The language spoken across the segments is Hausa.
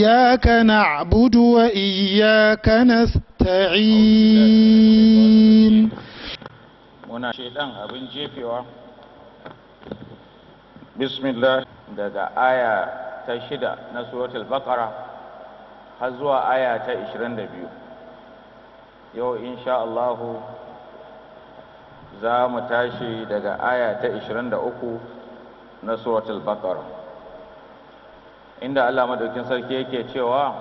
إياك نعبد وإياك نستعين muna shaidan abin jefewa bismillah daga aya ta shida na suratul Bakara, har zuwa aya ta 22 yau insha Allahu za mu tashi daga aya ta 23 na suratul Bakara. inda Allah madaukin sarki yake cewa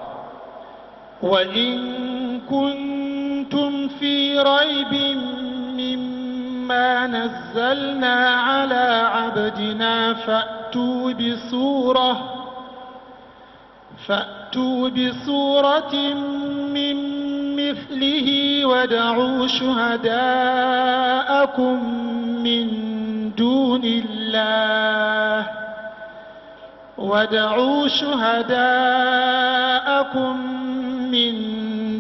wa in kuntum fi raibin mimma nazzalna ala abdina fa'tu bi surah fa'tu bi suratin min mithlihi wad'u shuhada'akum min duni Allah وادعوا شهداءكم من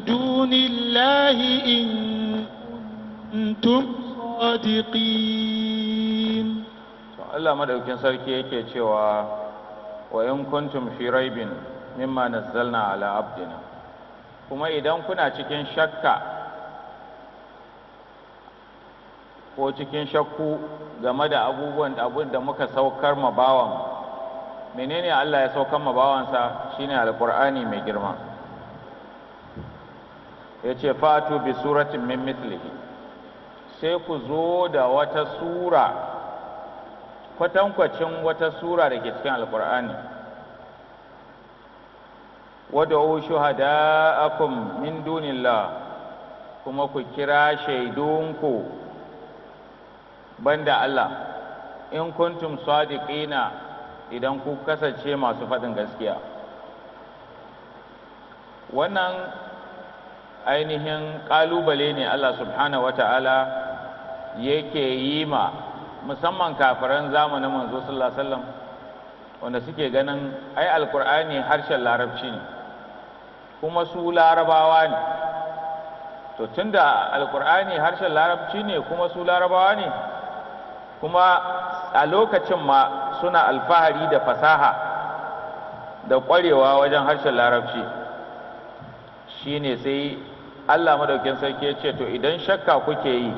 دون الله إن كنتم صادقين Allah madaukin sarki yake cewa wa in kuntum fi raibin mimma nazzalna ala abdina kuma idan kuna cikin shakka ko cikin shakku game da abubuwan abun da muka saukar ma bawan menene Allah ya saukan mabawansa bawansa shine alqur'ani mai girma yace fatu bi suratin min mithlihi sai ku zo da wata sura kwatankwacin wata sura da ke cikin alqur'ani wad'u shuhada'akum min dunillah kuma ku kira shaidunku banda Allah in kuntum sadiqina idan ku kasance masu faɗin gaskiya wannan ainihin ƙalubale ne Allah subhanahu wa ta'ala yake yi ma musamman kafiran zamanin manzo sallallahu sallam wanda suke ganin ai alkur'ani harshen larabci ne kuma su larabawa ne to tunda alkur'ani harshen larabci ne kuma su larabawa ne kuma a lokacin ma suna alfahari da fasaha da ƙwarewa wajen harshen larabci shine sai Allah madaukin sarki ya ce to idan shakka kuke yi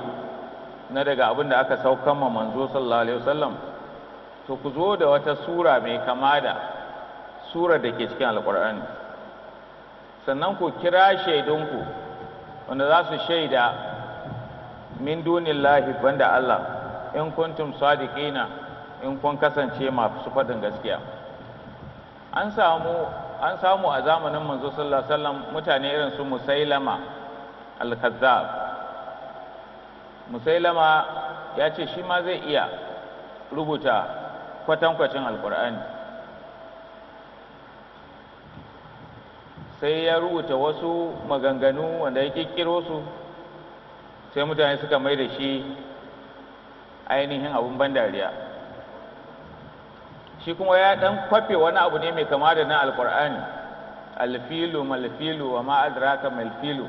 na daga abin da aka saukan ma manzo sallallahu alaihi wasallam to ku zo da wata sura mai kama da sura da ke cikin alkur'ani sannan ku kira shaidunku wanda za su shaida min dunillahi banda Allah in kuntum sadiqina in kun kasance masu faɗin gaskiya an samu an samu a zamanin manzo sallallahu alaihi wasallam mutane irin su musailama al-kazzab musailama ya ce shi ma zai iya rubuta kwatankwacin alkur'ani sai ya rubuta wasu maganganu wanda ya kirkiro su sai mutane suka mai da shi ainihin abun ban dariya shi kuma ya dan kwafe wani abu ne mai kama da na alkur'ani alfilu malfilu wa ma adraka malfilu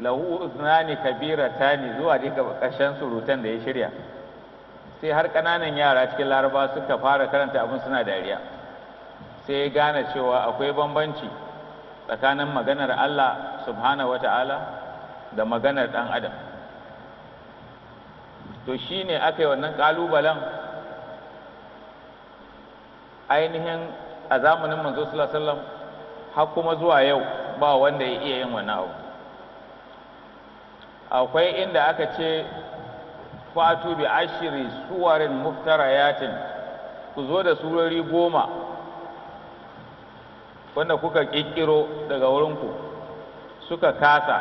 lahu uznani kabiratani zuwa dai ga ƙarshen surutan da ya shirya sai har ƙananan yara cikin laraba suka fara karanta abin suna dariya sai ya gane cewa akwai bambanci tsakanin maganar Allah subhanahu wata'ala da maganar ɗan adam to shi ne aka yi wannan ƙalubalen. ainihin a zamanin manzo sallallahu alaihi har kuma zuwa yau ba wanda ya iya yin wani abu akwai inda aka ce fatu bi ashiri suwarin muftarayatin ku zo da surori goma wanda kuka ƙirƙiro daga wurinku suka kasa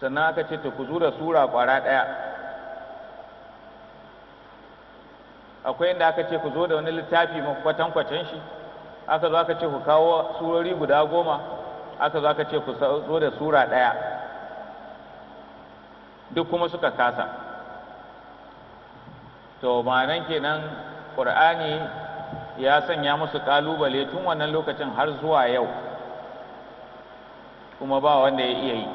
sannan aka ce ta ku zo da sura ƙwara ɗaya akwai inda aka ce ku zo da wani littafi kwatan kwacen shi aka zo aka ce ku kawo surori guda goma aka zo aka ce ku zo da sura ɗaya duk kuma suka kasa to ma'anan kenan ƙur'ani ya sanya musu ƙalubale tun wannan lokacin har zuwa yau kuma ba wanda ya iya yi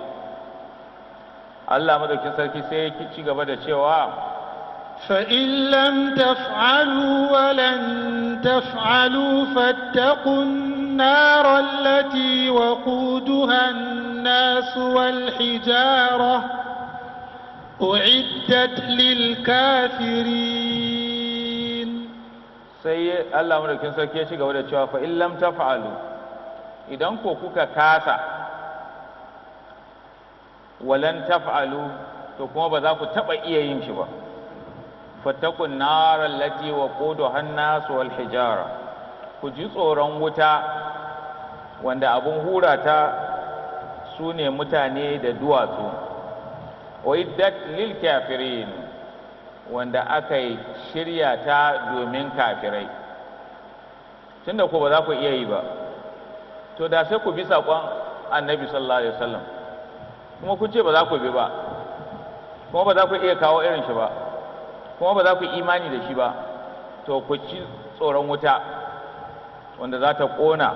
Allah madaukin sarki sai ya ci gaba da cewa فإن لم تفعلوا ولن تفعلوا فاتقوا النار التي وقودها الناس والحجارة أعدت للكافرين سي الله أمر كن سكي شيء قبل فإن لم تفعلوا إذا أنكوا كوكا كاسا ولن تفعلوا تكونوا بذلك تبقى إيه ينشبه fattakun narar lati wa kodo hannasu su hijara ku ji tsoron wuta wanda abun hura ta su ne mutane da duwatsu oiddat lil kafirin wanda aka yi shirya ta domin kafirai tunda ko ba za ku iya yi ba to da sai ku bi saƙon annabi sallallahu alaihi wasallam kuma ku ce ba za ku bi ba kuma ba za ku iya kawo irin shi ba kuma ba za ku imani da shi ba to ku ci tsoron wuta wanda za ta ƙona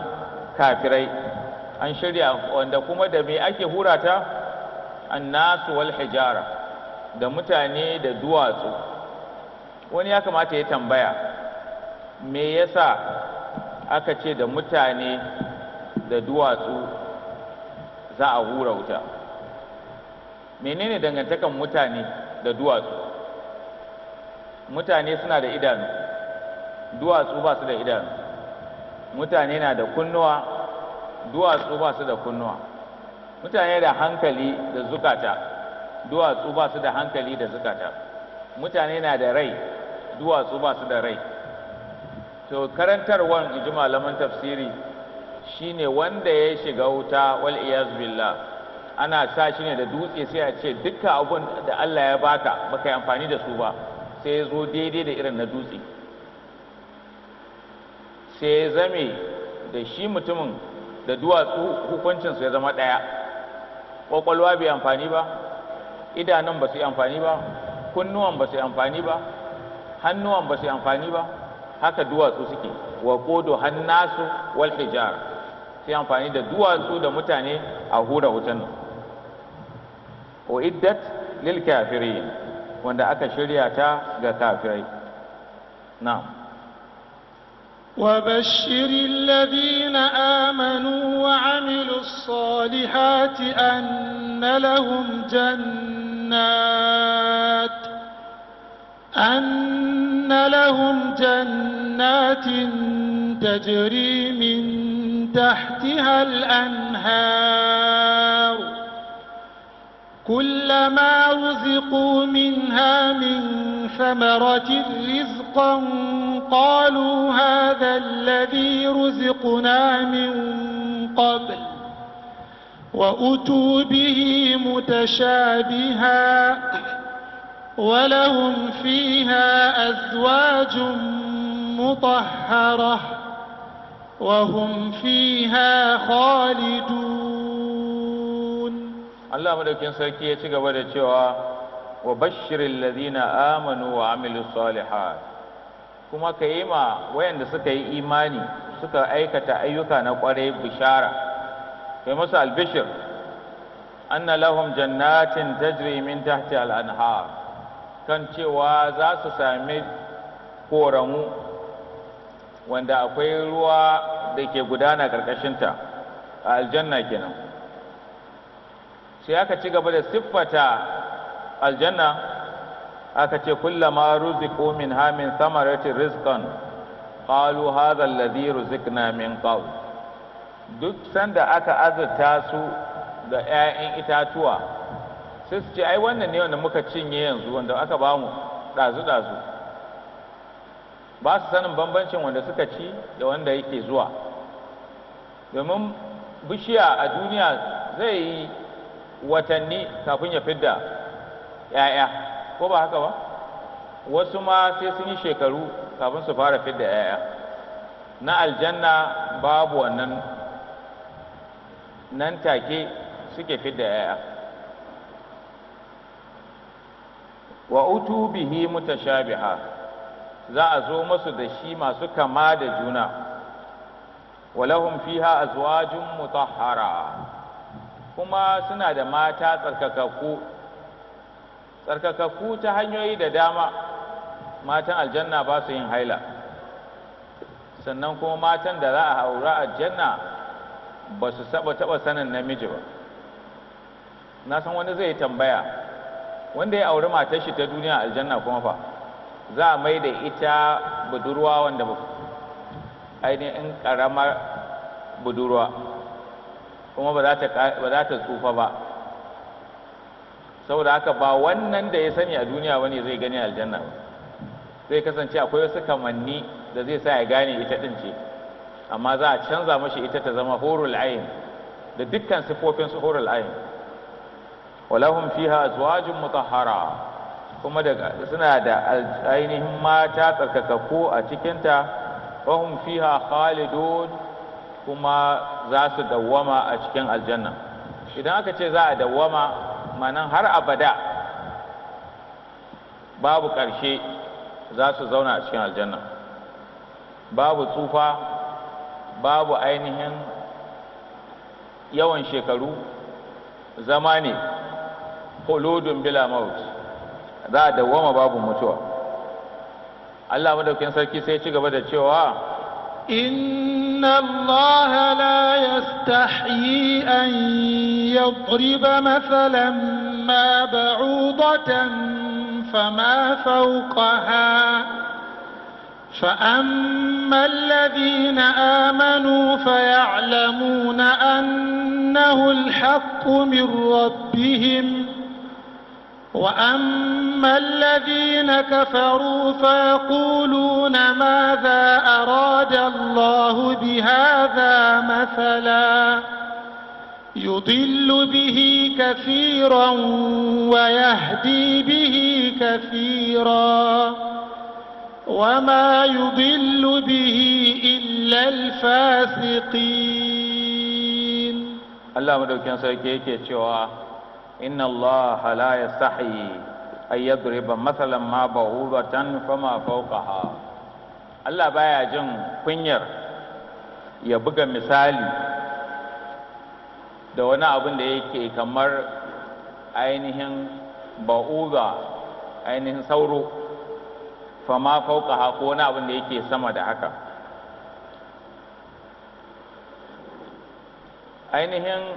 kafirai an shirya wanda kuma da me ake hurata nasu wal hijara da mutane da duwatsu wani ya kamata ya tambaya me yasa aka ce da mutane da duwatsu za a hura wuta menene dangantakan mutane da duwatsu mutane suna da idanu duwatsu ba su da idanu mutane na da kunnuwa duwatsu ba su da kunnuwa mutane da hankali da zukata duwatsu ba su da hankali da zukata mutane na da rai duwatsu ba su da rai to karantarwan in ji malaman tafsiri shine wanda ya shiga wuta wal iyaz billah ana sa shi ne da dutse sai a ce dukkan abun da Allah ya baka baka yi amfani da su ba sai zo daidai da irin na dutse sai zame da shi mutumin da duwatsu hukuncinsu ya zama ɗaya ƙwaƙwalwa bai amfani ba idanun ba su yi amfani ba kunnuwan ba su yi amfani ba hannuwan ba su yi amfani ba haka duwatsu suke wa kodo hannasu wal hijar sai amfani da duwatsu da mutane a hura wutan O iddat lil kafirin wanda aka shirya ta ga kafirai na'am وبشر الذين آمنوا وعملوا الصالحات أن لهم جنات أن لهم جنات تجري من تحتها الأنهار كلما رزقوا منها من ثمرة رزقا قالوا هذا الذي رزقنا من قبل وأتوا به متشابها ولهم فيها أزواج مطهرة وهم فيها خالدون Allah madaukin sarki ya ci gaba da cewa wa bashirin ladina amanu wa amilu salihat kuma ka yi ma wayanda suka yi imani suka aikata ayyuka na kwarai bishara kai musu albishir anna lahum jannatin tajri min tahti al kan cewa za su sami koramu wanda akwai ruwa da ke gudana ƙarƙashinta a aljanna kenan sai aka ci gaba da siffata aljanna aka ce kullama ruziku min hamin samarati rizqan qalu hadha alladhi ruziqna min qabl duk sanda aka azurta su da 'ya'yan itatuwa sai su ce ai wannan ne wanda muka cinye yanzu wanda aka ba mu dazu dazu ba su sanin bambancin wanda suka ci da wanda yake zuwa domin bishiya a duniya zai yi watanni kafin ya fidda ‘ya'ya ko ba haka ba wasu ma sai sun yi shekaru kafin su fara fidda ‘ya'ya na aljanna babu wannan nan take suke fidda ‘ya'ya wa utu bihi mutashabiha za a zo masu da shi masu kama da juna walahum fiha azwajun mutahhara kuma suna da mata tsarkakakku tsarkakakku ta hanyoyi da dama matan aljanna ba su yin haila sannan kuma matan da za a haura aljanna ba su saba taba sanin namiji ba na san wani zai tambaya wanda ya auri matar shi ta duniya aljanna kuma fa za a mai da ita budurwa wanda ba ainihin karamar budurwa kuma ba za ta tsufa ba saboda haka ba wannan da ya sani a duniya wani zai gani aljanna zai kasance akwai wasu kamanni da zai sa ya gane ita ɗin ce amma za a canza mashi ita ta zama horul ayin da dukkan sifofin su horul ayin walahum fiha ka mutahhara kuma suna da ainihin mata tsarkakakku a cikinta wahum fiha khalidun kuma za su dawwama a cikin aljanna idan aka ce za a dawwama manan har abada babu ƙarshe za su zauna a cikin aljanna babu tsufa babu ainihin yawan shekaru zama ne holodun bila maut za a dawwama babu mutuwa Allah madaukin sarki sai ci gaba da cewa إن الله لا يستحيي أن يضرب مثلا ما بعوضة فما فوقها فأما الذين آمنوا فيعلمون أنه الحق من ربهم وأما الذين كفروا فيقولون ماذا أراد الله بهذا مثلا يضل به كثيرا ويهدي به كثيرا وما يضل به إلا الفاسقين الله مدوكين سيكيكي إن الله لا يستحي أن يضرب مثلا ما بعوضة فما فوقها Allah baya jin kunyar ya buga misali da wani abin da yake kamar ainihin ba'uza ainihin sauro fama fauka ko wani abin da yake sama da haka ainihin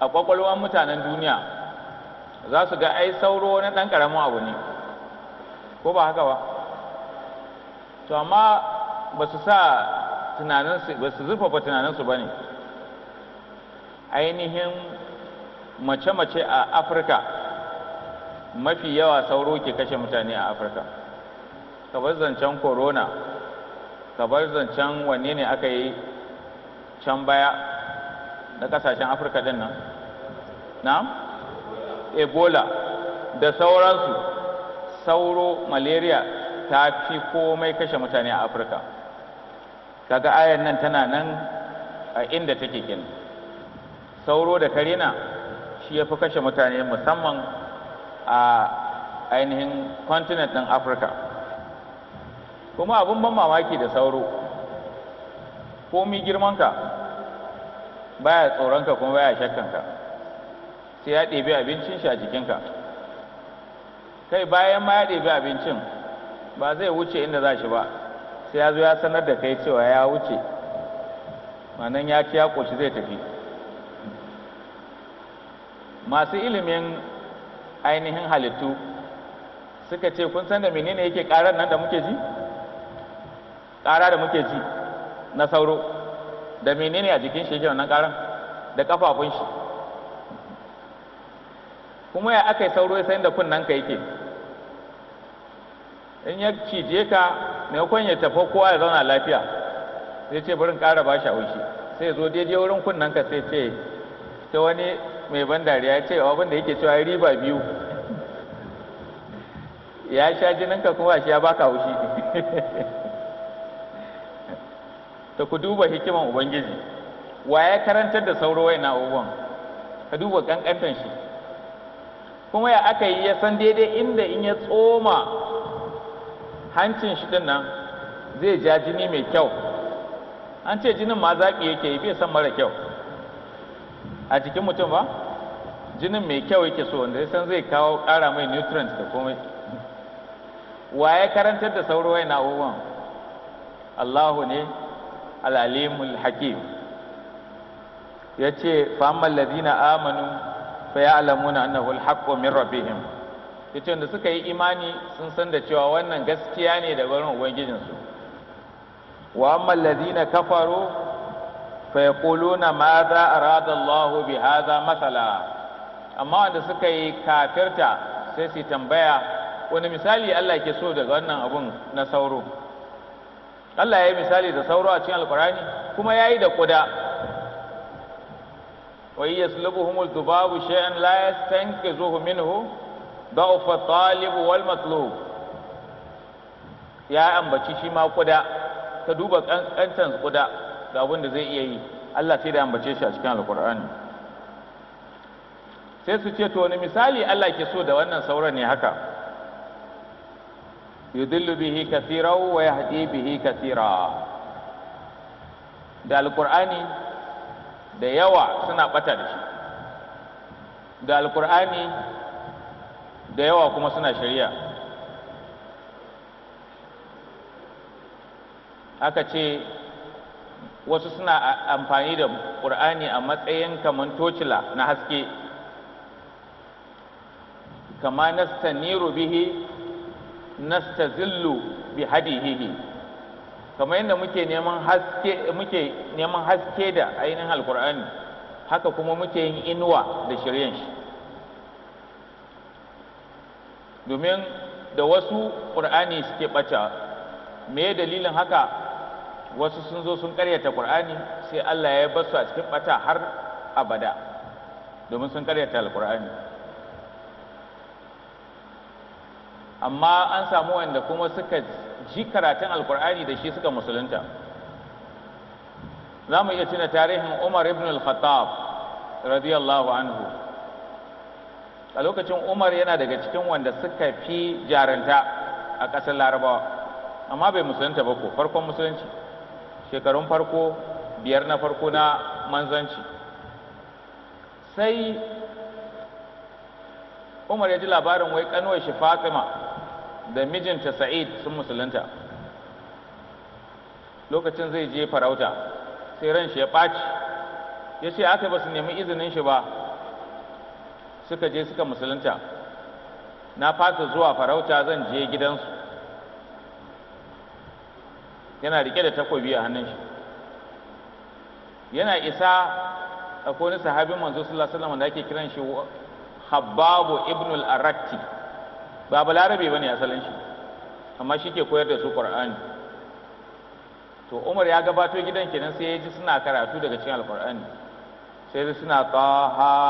a kwakwalwar mutanen duniya za su ga ai sauro na ɗan ƙaramin abu ne ko ba haka ba to amma ba su sa tunaninsu ba su zurfafa tunaninsu ba ne ainihin mace-mace a afirka mafi yawa sauro ke kashe mutane a afirka kabar zancen corona kabar zancen wanne ne aka yi can baya na kasashen afirka din nan na'am ebola da sauransu sauro malaria ta fi komai kashe mutane a afirka kaga ayan nan tana nan a inda take kin sauro da karina shi ya fi kashe mutane musamman a ainihin continent ɗin afirka kuma abin ban mamaki da sauro komi girmanka baya tsoronka kuma baya ka, sai ya ɗebi abincin shi a jikinka kai bayan ma ya ɗebi abincin ba zai wuce inda za shi ba sai ya zo ya sanar da kai cewa ya wuce manan ya ci ya ƙoshi zai tafi masu ilimin ainihin halittu suka ce kun san da menene yake ƙarar nan da muke ji ƙara da muke ji na sauro da menene a jikin shi yake karan da kafafun shi kuma ya aka yi sauro ya san da kunnen ka yake in ya cije ka kwan ya tafi kowa ya zauna lafiya sai ce barin kara ba shi haushi sai zo daidai wurin kunnen ka sai ce ta wani mai ban dariya ce abin da yake cewa riba biyu ya sha jininka kuma shi ya baka aushi. da ku duba hikiman ubangiji wa ya karantar da sauro na abubuwan ka duba kankantan shi kuma ya aka yi ya san daidai inda in ya tsoma hancin shi din nan zai ja jini mai kyau an ce jinin ma zaƙi yake yi bai san mara kyau a jikin mutum ba jinin mai kyau yake so wanda ya san zai kawo ƙara mai nutrients da komai wa ya karantar da sauro na abubuwan Allahu ne al'alimul hakim ya ce fa'amman lazina amanu fa ya alamuna annahu alhaqqu min rabbihim yace da suka yi imani sun san da cewa wannan gaskiya ne da barin ubangijinsu wa amman lazina kafaru fa yaquluna ma za arada Allah bi hadha masala amma wanda suka yi kafirta sai su tambaya wani misali Allah ke so daga wannan abun na sauro Allah ya yi misali da sauro a cikin alkurani kuma ya yi da kuda wa iya sulubuhumul dubabu shay'an la zuhu minhu ufa talibu wal matlu ya ambaci shi ma kuda ta duba kankantan kuda ga abin da zai iya yi Allah sai da ambace shi a cikin alkur'ani sai su ce to wani misali Allah ke so da wannan sauran ne haka yudillu bihi kathira wa yahdi bihi da alqur'ani da yawa suna bata da shi da alqur'ani da yawa kuma suna shari'a aka ce wasu suna amfani da ƙur'ani a matsayin kamar tocila na haske kama nastaniru bihi nastazillu bi hadihihi kamar yadda muke neman haske muke neman haske da ainihin alkur'ani haka kuma muke yin inuwa da shiryen shi domin da wasu ƙur'ani suke bata me dalilin haka wasu sun zo sun ƙaryata ƙur'ani sai allah ya basu a cikin ɓata har abada domin sun ƙaryata alkur'ani amma an samu wanda kuma suka ji karatun alkur'ani da shi suka musulunta za mu iya tuna tarihin umar ibn al-khattab radiyallahu anhu a lokacin umar yana daga cikin wanda suka fi jaranta a ƙasar larabawa amma bai musulunta ba ko farkon musulunci shekarun farko biyar na farko na manzanci sai umar ya ji labarin wai kanuwar shi fatima da mijinta sa'id sun musulunta lokacin zai je farauta sai ran shi ya ɓaci ya ce aka ba su nemi izinin shi ba suka je suka musulunta na fata zuwa farauta zan je gidansu yana rike da takobi a hannun shi yana isa akwai wani sahabin manzo sallallahu alaihi wasallam da ake kiran shi habbabu ibnul arakti ba balarabe ba ne asalin shi amma shi ke koyar da su qur'ani to umar ya gabato gidan kenan sai ya ji suna karatu daga cikin alqur'ani sai suna taha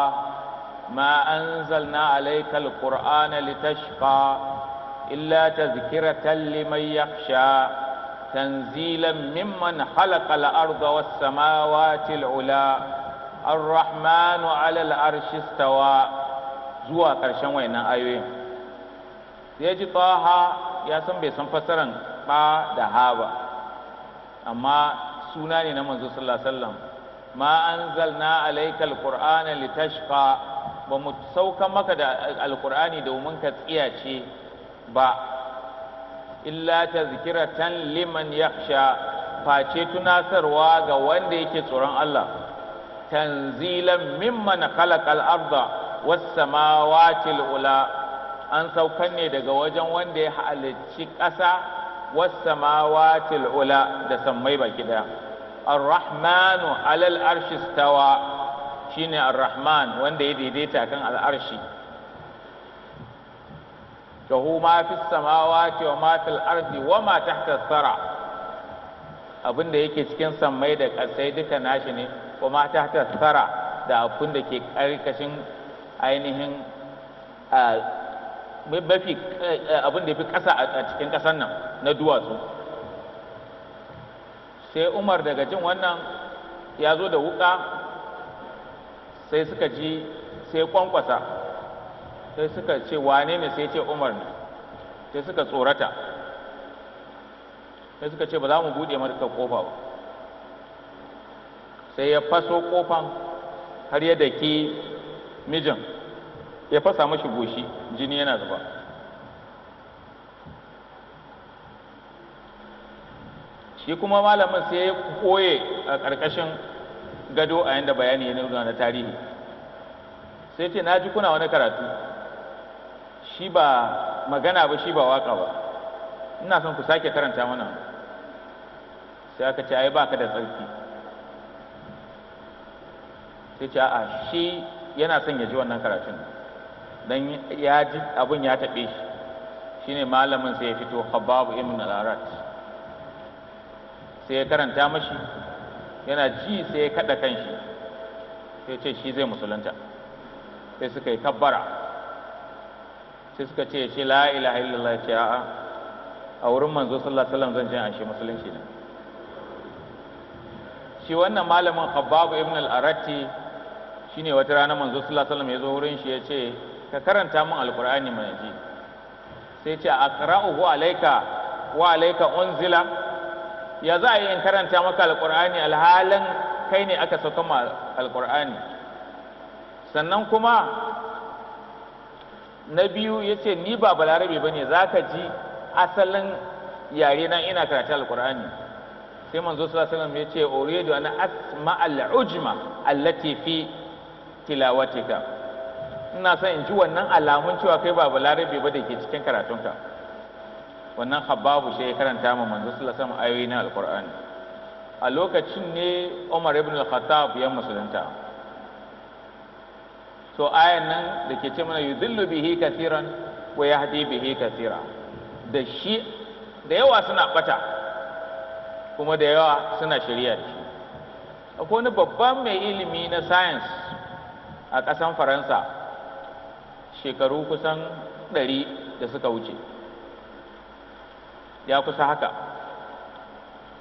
ma anzalna alayka alqur'ana litashqa illa tazkiratan liman yakhsha tanzilan mimman khalaqa al ardha was-samawati al-ula ar-rahmanu 'ala al-arshi istawa zuwa karshen wayannan ayoyin sai ji taha ya san bai san fassaran ba da ha ba amma suna ne na manzo sallallahu alaihi wasallam ma anzalna alaikal qur'ana litashqa ba mu sauka maka da alqur'ani domin ka tsiyace ba illa tazkiratan liman yakhsha face tunasarwa ga wanda yake tsoron Allah tanzilan mimman khalaqal arda was samawati ula an saukan ne daga wajen wanda ya halicci ƙasa wasamawatil ula da sammai baki ɗaya. ar alal arshi stawa shine ar wanda ya daidaita kan al'arshi lahu ma fi samawati wa ma fil wa ma tahta abin da yake cikin sammai da ƙasai duka nashi ne wa ma da abin da ke ƙarƙashin ainihin mafi eh, abin da ya fi ƙasa a cikin ƙasan nan na duwatsu sai umar daga jin wannan ya zo da wuƙa sai suka ji sai kwankwasa sai suka ce wane ne sai ce umar ne sai suka tsorata sai suka ce ba za mu buɗe mata kofa ba sai ya faso kofan har ya daki mijin ya fasa mashi goshi jini yana zuba shi kuma malamin sai ya koye a ƙarƙashin gado a yadda bayani ya nuna na tarihi sai ce na ji kuna wani karatu shi ba magana ba shi ba waka ba ina son ku sake karanta mana sai aka ce ai ba ka da tsarki sai ce a'a shi yana son ya ji wannan karatun dan ya ji abin ya taɓe shi shine malamin sai ya fito khabbab ibn al-Arat sai ya karanta mashi yana ji sai ya kada kanshi sai ya ce shi zai musulunta sai suka yi kabbara sai suka ce shi la ilaha illallah ya ce a'a a wurin manzo sallallahu alaihi wasallam zan je a shi musulunci ne shi wannan malamin khabbab ibn al arat shine wata rana manzo sallallahu alaihi wasallam ya zo wurin shi ya ce ka karanta min alqur'ani mai ji sai ce aqra'uhu alayka wa alayka unzila ya za a yi in karanta maka alqur'ani alhalin kai ne aka sauka ma alqur'ani sannan kuma na biyu ya ce ni ba balarabe ba ne za ka ji asalin yare na ina karata alkur'ani sai manzo sallallahu alaihi ya ce uridu ana asma al-ujma allati fi tilawatika ina son in ji wannan alamun cewa kai ba balarabe ba da ke cikin karatunka wannan hababu shi ya karanta ma manzo sallallahu alaihi ayoyi na alqur'ani a lokacin ne Umar ibn al-Khattab ya musulunta so ayan nan da ke ce mana yudhillu bihi kaseeran wa yahdi bihi kaseera da shi da yawa suna bata kuma da yawa suna shari'a da akwai wani babban mai ilimi na science a ƙasan faransa shekaru kusan ɗari da suka wuce ya kusa haka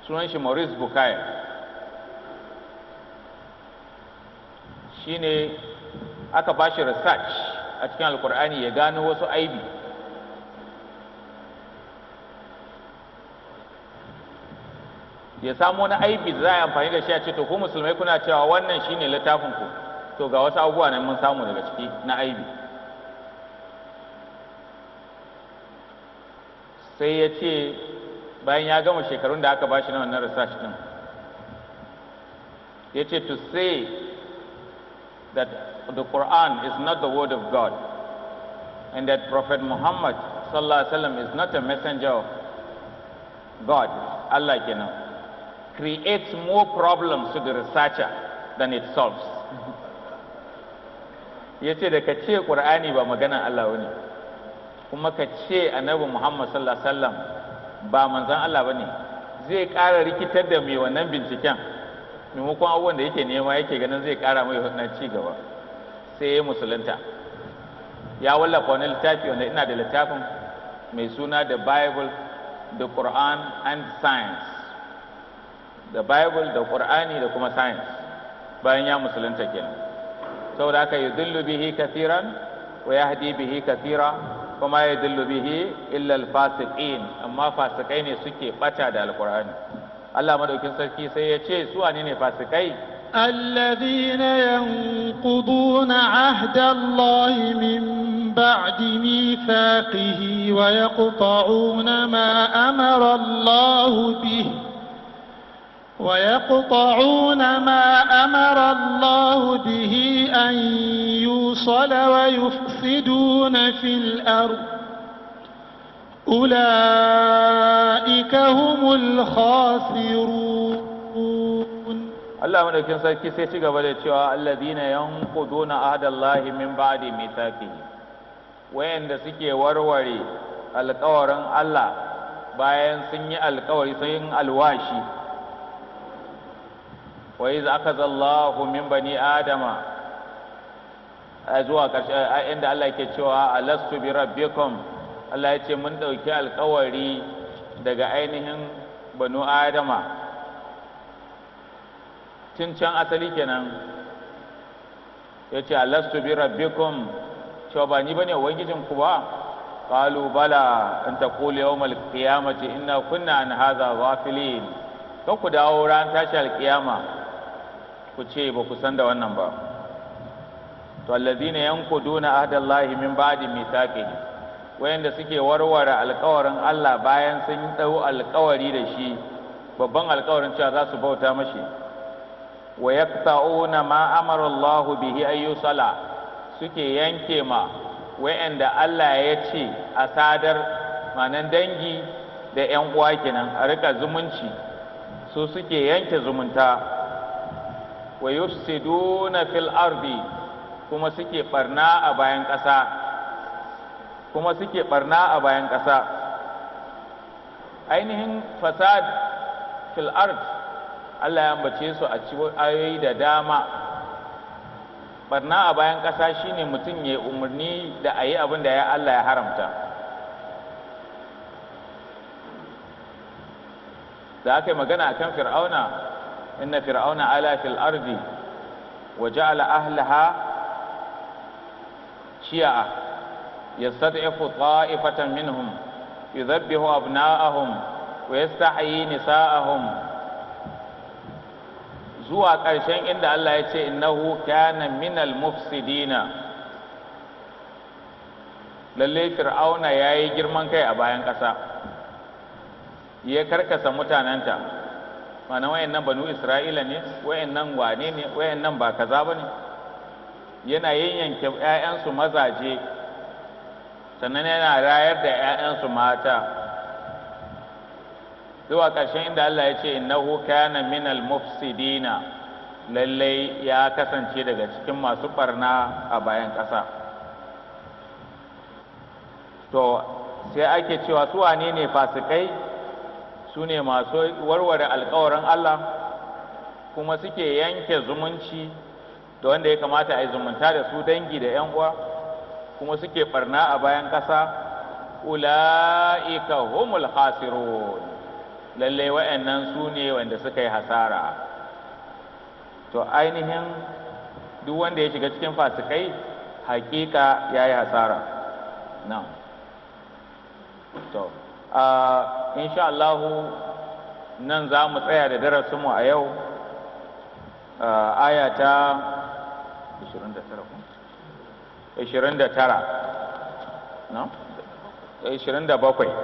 sunan shi maurice Shi shine aka ba shi research a cikin alkur'ani ya gano wasu aibi ya samu wani aibi da za a yi amfani da shi a ce to ku musulmai kuna cewa wannan shine littafin ku to ga wasu abubuwa ne mun samu daga ciki na aibi sai ya ce bayan ya gama shekarun da aka bashi na wannan research din ya ce to say that the Quran is not the word of God and that Prophet Muhammad sallallahu alaihi wasallam is not a messenger of God Allah know, creates more problems to the researcher than it solves ya ce da ka ce ƙur'ani ba maganan Allah wani kuma ka ce annabi muhammad sallallahu alaihi wasallam ba manzon Allah bane zai ƙara rikitar da mai wannan binciken maimakon abubuwan da yake nema yake ganin zai ƙara mai wannan ci gaba sai ya musulunta ya wallafa wani littafi wanda ina da littafin mai suna the bible the quran and science the bible da qur'ani da kuma science bayan ya musulunta kenan saboda haka yudillu bihi kathiran wa yahdi bihi kathira وما يدل به illa alfasiqin amma fasikai ne suke bata da alqur'ani Allah madaukin sarki sai ya ce su wane ne fasikai الذين ينقضون عهد الله من بعد ميثاقه ويقطعون ما أمر الله به ويقطعون ما أمر الله به أن يوصل ويفسدون في الأرض أولئك هم الخاسرون الله من يكون سيكي سيكي قبل الذين ينقضون أهد الله من بعد ميثاقه وين سيكي وروري alkawarin الله باين sun yi الواشي wa aka akaza Allahu min bani adama zuwa ƙarshe inda Allah ke cewa alastu bi rabbikum Allah ya ce mun ɗauki alkawari daga ainihin banu adama tun can asali kenan ya ce alastu bi rabbikum cewa ba ni bane ubangijin ku ba qalu bala in taqulu yawmal qiyamati inna kunna an hadha ghafilin to ku dawo ran tashi alkiyama ku ce ba ku san da wannan ba to allazina yankuduna ahdallahi min ba'di mithaqihi wayanda suke warware alkawarin Allah bayan sun yi dau alkawari da shi babban alkawarin cewa za su bauta mashi wa yaqta'una ma amara Allah bihi ayyusala suke yanke ma wayanda Allah ya ce a sadar manan dangi da 'yan uwa kenan a rika zumunci su suke yanke zumunta wa yufsiduna fil ardi kuma suke barna a bayan ƙasa kuma suke barna a bayan ƙasa ainihin fasad fil ard Allah ya ambace su a cikin ayoyi da dama barna a bayan ƙasa shine mutum ya umarni da a yi abin da ya Allah ya haramta da aka yi magana akan fir'auna إن فرعون علا في الأرض وجعل أهلها شيعة يستضعف طائفة منهم يذبه أبناءهم ويستحيي نساءهم زوا قرشين إن الله يتي إنه كان من المفسدين للي فرعون يا جرمان كي أبايان كسا يكركس متان أنت ma'ana nan banu isra'ila ne wayan nan wane ne wayan nan ba kaza ba ne yana yanke 'ya'yansu mazaje sannan yana rayar da 'ya'yansu mata zuwa ƙarshen inda Allah ya ce innahu kana minal mufsidina lallai ya kasance daga cikin masu barna a bayan ƙasa to sai ake cewa su wane ne fasikai su ne masu warware alkawarin Allah kuma suke yanke zumunci da wanda ya kamata a yi zumunta da su dangi da 'yan uwa kuma suke barna a bayan ƙasa ula'ika humul khasirun lallai wa'annan su ne wanda suka yi hasara to ainihin duk wanda ya shiga cikin fasikai hakika ya yi hasara na insha Allahu nan za mu tsaya da darasinmu a yau aya ta 29 27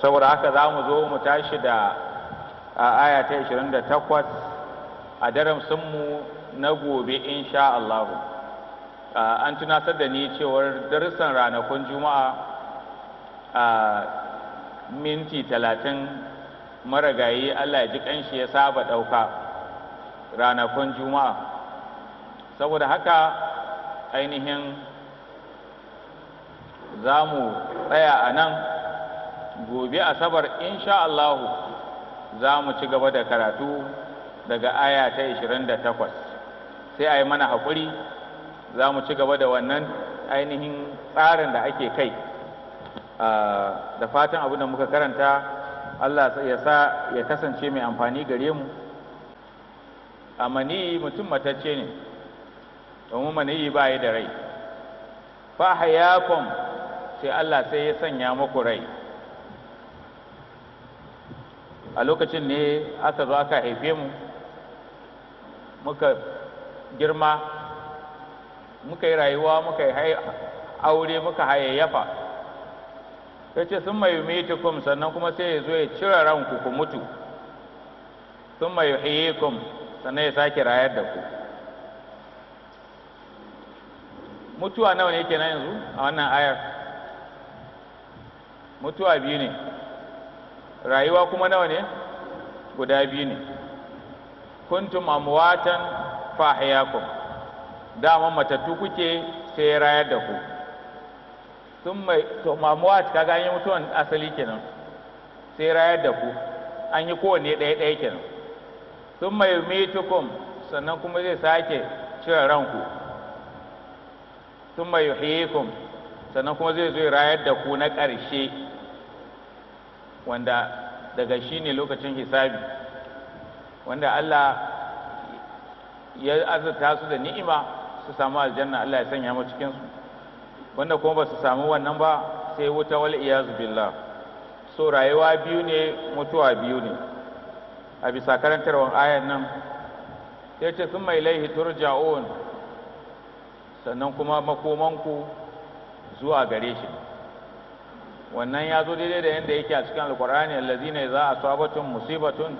saboda haka za mu zo mu tashi da aya ta 28 a darasinmu na gobe insha Allahu an tunatar da ni cewar darussan ranakun juma'a minti talatin maragayi Allah ya ji kanshi ya saba ɗauka ranakun juma'a saboda haka ainihin za mu tsaya a nan gobe asabar insha Allahu za mu ci gaba da karatu daga aya ta 28 sai a yi mana haƙuri za mu ci gaba da wannan ainihin tsarin da ake kai da fatan abin da muka karanta Allah ya sa ya kasance mai amfani gare mu a mani mutum matacce ne domin maniyi ba da rai fa hayakum sai Allah sai ya sanya muku rai a lokacin ne aka zo aka haife mu muka girma muka yi rayuwa muka yi aure muka hayayyafa sai ce sun mai yumitukum sannan kuma sai ya zo ya cire ranku ku mutu sun mai yuhiyikum sannan ya sake rayar da ku mutuwa nawa ne yake na yanzu a wannan ayar mutuwa biyu ne rayuwa kuma nawa ne guda biyu ne kuntum amwatan fahiyakum ahyakum da matattu kuke sai rayar da ku sun mai to mamuwat kaga an yi mutuwan asali kenan sai rayar da ku an yi kowanne ɗaya ɗaya kenan sun mai mitukum sannan kuma zai sake cire ranku sun mai yuhyikum sannan kuma zai zo rayar da ku na ƙarshe wanda daga shi ne lokacin hisabi wanda Allah ya azurta su da ni'ima su samu aljanna Allah ya sanya mu cikinsu wanda kuma ba su samu wannan ba sai wuta wal iyazu billah so rayuwa biyu ne mutuwa biyu ne a bisa karantarwar ayan nan sai ce sun mai laihi turja'un sannan kuma makomanku zuwa gare shi wannan ya zo daidai da yadda yake a cikin alkur'ani allazina za a sabatun musibatun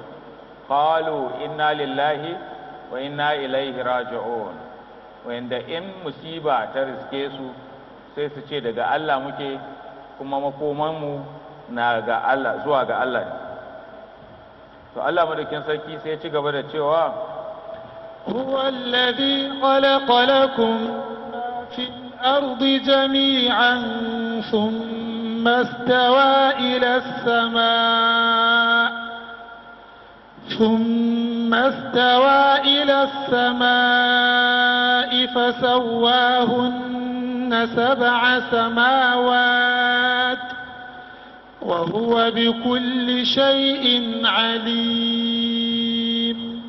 qalu inna lillahi wa inna ilaihi raji'un wanda in musiba ta riske su sai su ce daga Allah muke kuma makomanmu na ga Allah zuwa ga Allah ne to Allah madaukin sarki sai ya ci gaba da cewa huwa alladhi khalaqa lakum fi al-ardi jami'an thumma istawa ila as-sama' ثم استوى إلى السماء فسواهن سبع سماوات وهو بكل شيء عليم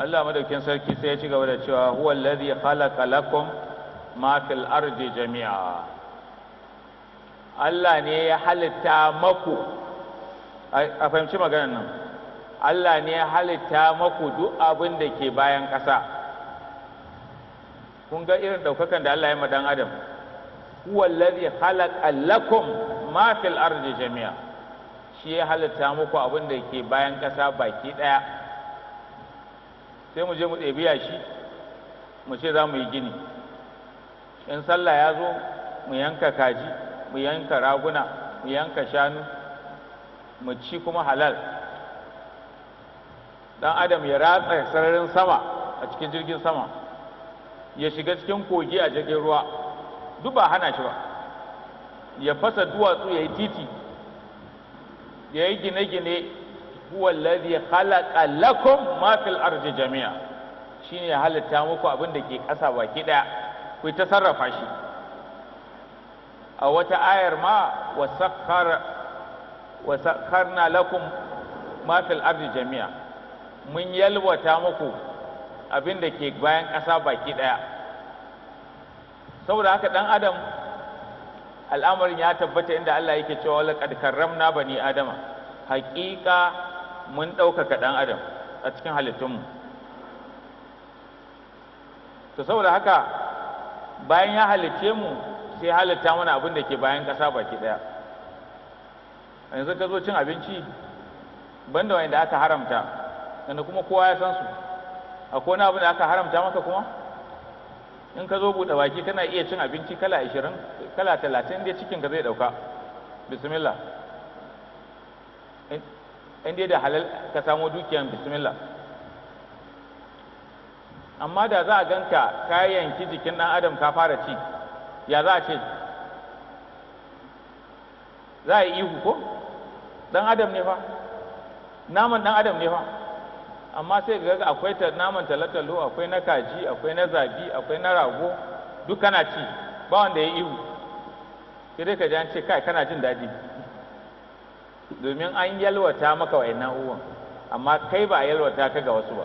الله مدرك ينسل كي سيأتي قولة هو الذي خلق لكم ما في الأرض جميعا الله نيه حل التامكو أفهم شو ما قلنا الله نيه حل التامكو دو أبن دكي باين كسا kun ga irin ɗaukakan da Allah ya ma dan adam huwa allazi khalaqa lakum ma fil ardi jami'a shi ya halitta muku abin da yake bayan ƙasa baki ɗaya sai mu je mu ɗebi shi mu ce za mu yi gini in sallah ya zo mu yanka kaji mu yanka raguna mu yanka shanu mu ci kuma halal dan adam ya ratsa sararin sama a cikin jirgin sama ya shiga cikin kogi a jirgin ruwa duk ba hana shi ba ya fasa duwatsu ya yi titi ya yi gine-gine huwa alladhi khalaqa lakum ma fil ardi jami'a shine ya halitta muku abin da ke ƙasa baki ɗaya ku ta sarrafa shi a wata ayar ma wasakhar na lakum ma fil ardi jami'a mun yalwata muku abin da ke bayan ƙasa baki ɗaya saboda haka ɗan adam al'amarin ya tabbata inda Allah yake cewa laqad karramna bani adama haƙiƙa mun ɗaukaka ɗan adam a cikin halittunmu to saboda haka bayan ya halicce mu sai halitta mana abin da ke bayan ƙasa baki ɗaya yanzu ka zo cin abinci banda wanda aka haramta yanzu kuma kowa ya san su akwai wani abu da aka haramta maka kuma in ka zo buɗe baki kana iya cin abinci kala ashirin kala talatin dai cikin ka zai ɗauka bismillah in dai da halal ka samo dukiyan bismillah amma da za a ganka kayan ki jikin ɗan adam ka fara ci ya za a ce za a yi ihu ko ɗan adam ne fa naman ɗan adam ne fa amma sai ga akwai ta naman talotalo akwai na kaji akwai na zabi akwai na rago duk kana ci ba wanda ya ihu sai dai ka ji an ce kai kana jin daɗi domin an yalwata maka wa'annan uwan amma kai ba a yalwata ka ga wasu ba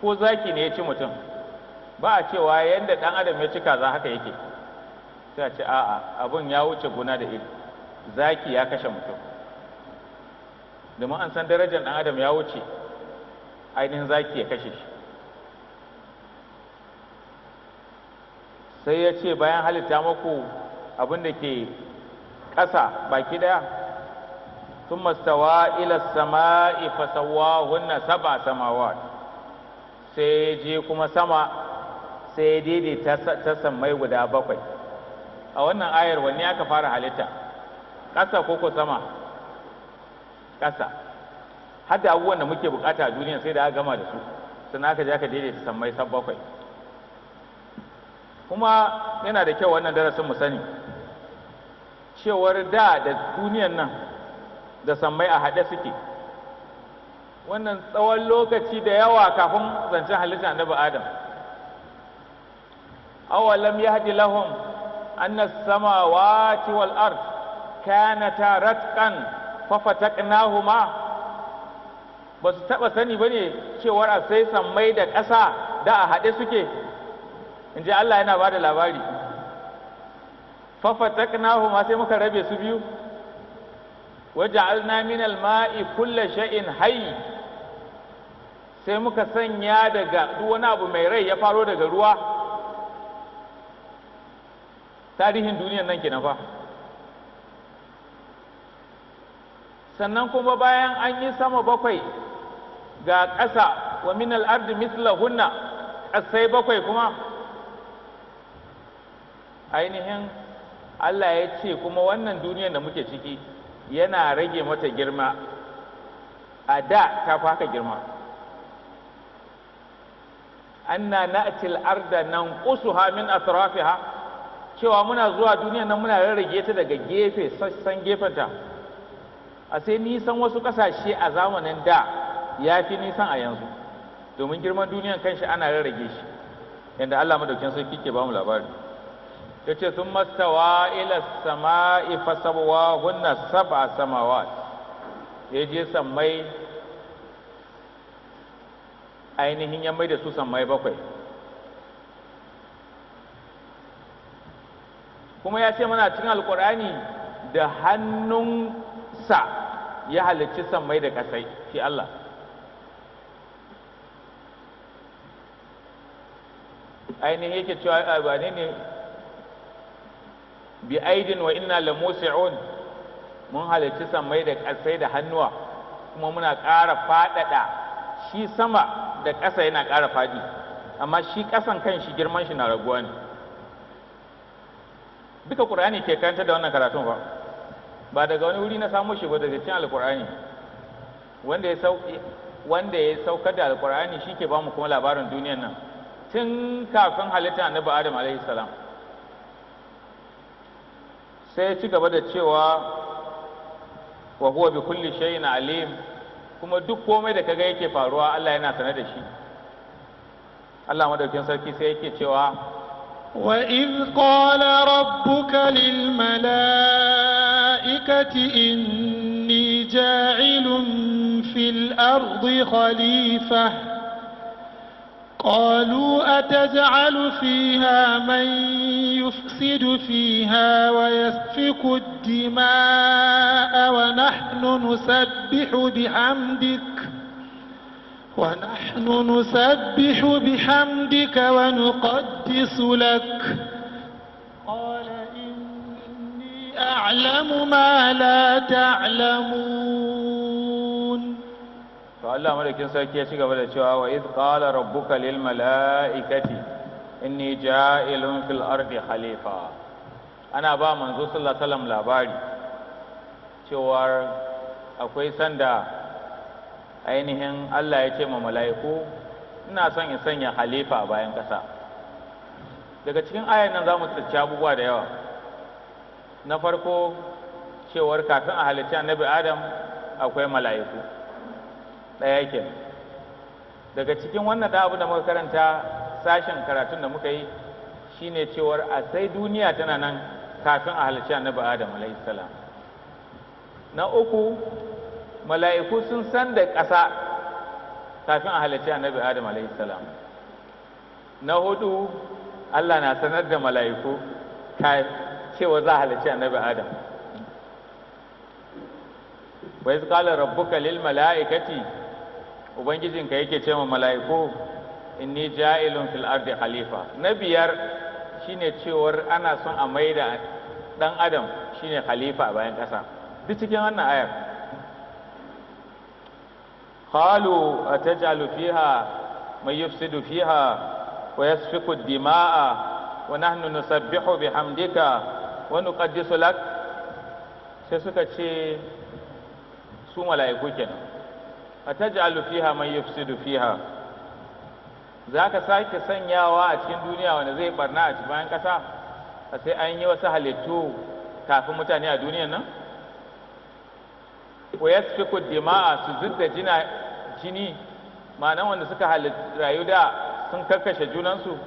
ko zaki ne ya ci mutum ba a cewa yadda ɗan adam ya ci kaza haka yake sai a ce a'a abun ya wuce gona da iri zaki ya kashe mutum domin an san darajar ɗan adam ya wuce ainihin zaki ya kashe shi sai ya ce bayan halitta maku abin da ke ƙasa baki ɗaya sun mastawa ila sama'i fasawa hunna saba samawa sai je kuma sama sai ya daidaita ta samai guda bakwai a wannan ayar wanne aka fara halitta ƙasa ko ko sama ƙasa har da abubuwan da muke bukata a duniya sai da aka gama da su sannan aka je aka daidaita sammai sab bakwai kuma yana da kyau wannan darasin mu sani cewar da da duniyan nan da sammai a haɗe suke wannan tsawon lokaci da yawa kafin zancen halittar annabi adam awalam yahdi lahum anna kaya samawati wal ard fafatak ratqan huma? ba su taɓa sani ba ne cewar a sai sammai da ƙasa da a haɗe suke in ji Allah yana ba da labari fafataknahu ma sai muka rabe su biyu waja'alna min al-ma'i kulla sha'in hayi sai muka sanya daga duk wani abu mai rai ya faro daga ruwa tarihin duniyan nan kenan fa sannan kuma bayan an yi sama bakwai ga ƙasa wa min al-ardi a ƙasai bakwai kuma ainihin Allah ya ce kuma wannan duniyar da muke ciki yana rage mata girma a da ta fi haka girma anna na'til arda nanqusuha min atrafiha cewa muna zuwa duniya nan muna rarrage ta daga gefe sassan gefenta a sai nisan wasu ƙasashe a zamanin da ya fi nisan a yanzu domin girman duniyan kanshi ana rarrage shi yadda Allah madaukin sarki ba bamu labari ya ce sun mastawa ila sama'i fasabuwa hunna saba samawa ya je sammai ainihin ya mai da su sammai bakwai kuma ya ce mana cin alkur'ani da hannunsa ya halicci sammai da kasai shi Allah ainihin yake cewa a ah, bane ne bi aidin wa inna la musi'un mun halarci samai da ƙasai da hannuwa kuma muna ƙara faɗaɗa shi sama da ƙasa yana ƙara faɗi amma shi ƙasan kan shi girman shi na raguwa ne duka ƙur'ani ke karanta da wannan karatun ba ba daga wani wuri na samo shi ba daga cikin alƙur'ani wanda ya sauka da alƙur'ani shi ke ba mu kuma labarin duniyan nan tun kafin halitta annabi adam alaihi salam sai ci gaba da cewa wa huwa bi kulli shay'in alim kuma duk komai da kaga yake faruwa Allah yana sanar da shi Allah madaukin sarki sai yake cewa wa iz qala rabbuka lil malaikati inni ja'ilun fil ardi khalifah قالوا أتجعل فيها من يفسد فيها ويسفك الدماء ونحن نسبح بحمدك ونحن نسبح بحمدك ونقدس لك قال إني أعلم ما لا تعلمون to Allah madaukin sarki ya ci gaba da cewa wa iz qala rabbuka lil mala'ikati inni ja'ilun fil ardi khalifa ana ba manzo sallallahu alaihi wasallam labari cewa akwai sanda ainihin Allah ya ce ma mala'iku ina son in sanya khalifa bayan kasa daga cikin ayan nan zamu tsacci abubuwa da yawa na farko cewar kafin a halitta annabi adam akwai mala'iku ɗaya ke daga cikin wannan da abu da muka karanta sashen karatun da muka yi shine cewar a sai duniya tana nan kafin a halarci annabi adam alaihi salam na uku mala'iku sun san da ƙasa kafin a halarci annabi adam alaihi salam na hudu Allah na sanar da mala'iku cewa za a halarci annabi adam wa iz qala rabbuka lil mala'ikati ubangijinka yake ce ma mala'iku inni ja'ilun fil ardi khalifa na biyar shine cewar ana son a maida dan adam shine khalifa bayan ƙasa duk cikin wannan ayar qalu atajalu fiha may yufsidu fiha wa yasfiku dima'a wa nahnu nusabbihu bihamdika wa nuqaddisu lak sai suka ce su mala'iku kenan fatajalu fiha man yufsidu fiha zaka sake sanyawa a cikin duniya wanda zai barna a cikin bayan kasa sai an yi wasu halittu kafin mutane a duniyan nan wa yasfiku dima'a su zidda jina jini ma'anan wanda suka rayu da sun karkashe junansu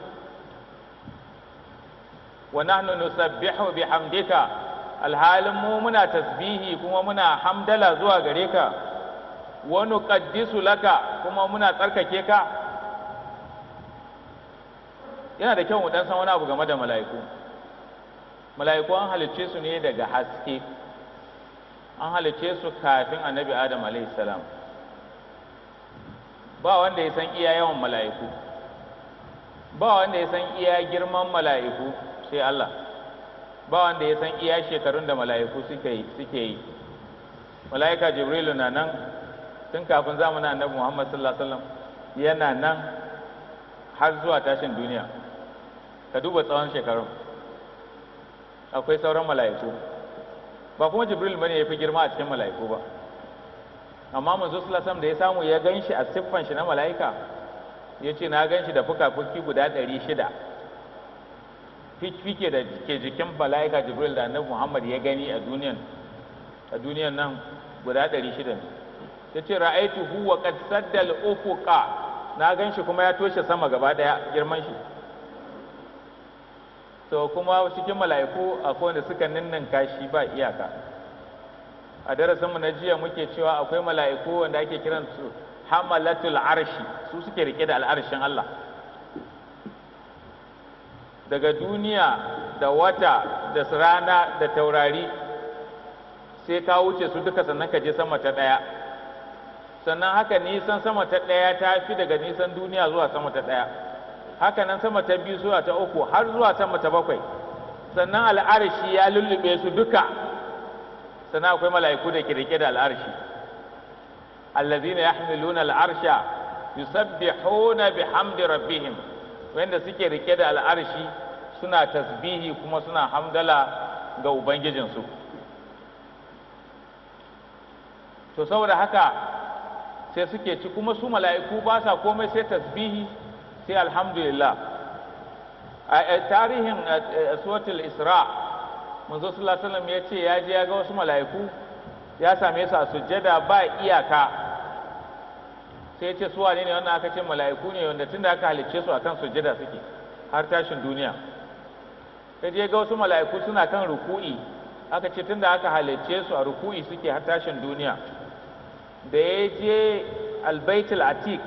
wa nahnu nusabbihu bihamdika alhalin mu muna tasbihi kuma muna hamdala zuwa gare ka wani kaddisu laka kuma muna tsarkake ka yana da kyau mu dan san wani abu game da mala'iku mala'iku an halicce su ne daga haske an halicce su kafin annabi adam alaihi salam ba wanda ya san iya yawan mala'iku ba wanda ya san iya girman mala'iku sai Allah ba wanda ya san iya shekarun da mala'iku suke yi mala'ika jibrilu na nan tun kafin zamanin annabi Muhammad sallallahu alaihi wasallam yana nan har zuwa tashin duniya ka duba tsawon shekarun akwai sauran mala'iku ba kuma jibril bane ya fi girma a cikin mala'iku ba amma manzo sallallahu da ya samu ya ganshi a siffan shi na mala'ika ya ce na ganshi da fuka-fuki guda ɗari shida fike da ke jikin mala'ika jibril da annabi muhammad ya gani a duniyan a duniyan nan guda ɗari shida ne ya ce ra'aitu huwa qad saddal ufuqa na gan kuma ya toshe sama gaba daya girman shi to kuma cikin mala'iku akwai wanda suka ninninka shi ba iyaka a darasinmu na jiya muke cewa akwai mala'iku wanda ake kiran su hamalatul arshi su suke rike da al'arshin Allah daga duniya da wata da rana da taurari sai ka wuce su duka sannan ka je sama ta ɗaya sannan haka nisan sama ta ɗaya ta fi daga nisan duniya zuwa sama ta ɗaya haka nan sama ta biyu zuwa ta uku har zuwa sama ta bakwai sannan al'arshi ya lullube su duka sannan akwai mala'iku da kirke da al'arshi allazina yahmiluna al'arsha yusabbihuna bihamdi rabbihim wanda suke rike da al'arshi suna tasbihi kuma suna hamdala ga ubangijinsu to saboda haka sai suke ci kuma su mala'iku ba sa komai sai tasbihi sai alhamdulillah a tarihin suratul isra manzo sallallahu alaihi wasallam ya ce ya je ya ga wasu mala'iku ya same su a sujjada ba iyaka sai ce su wane ne wannan aka ce mala'iku ne wanda tun da aka halicce su akan sujjada suke har tashin duniya sai je ga wasu mala'iku suna kan ruku'i aka ce tun da aka halicce su a ruku'i suke har tashin duniya da ya je albaitul atik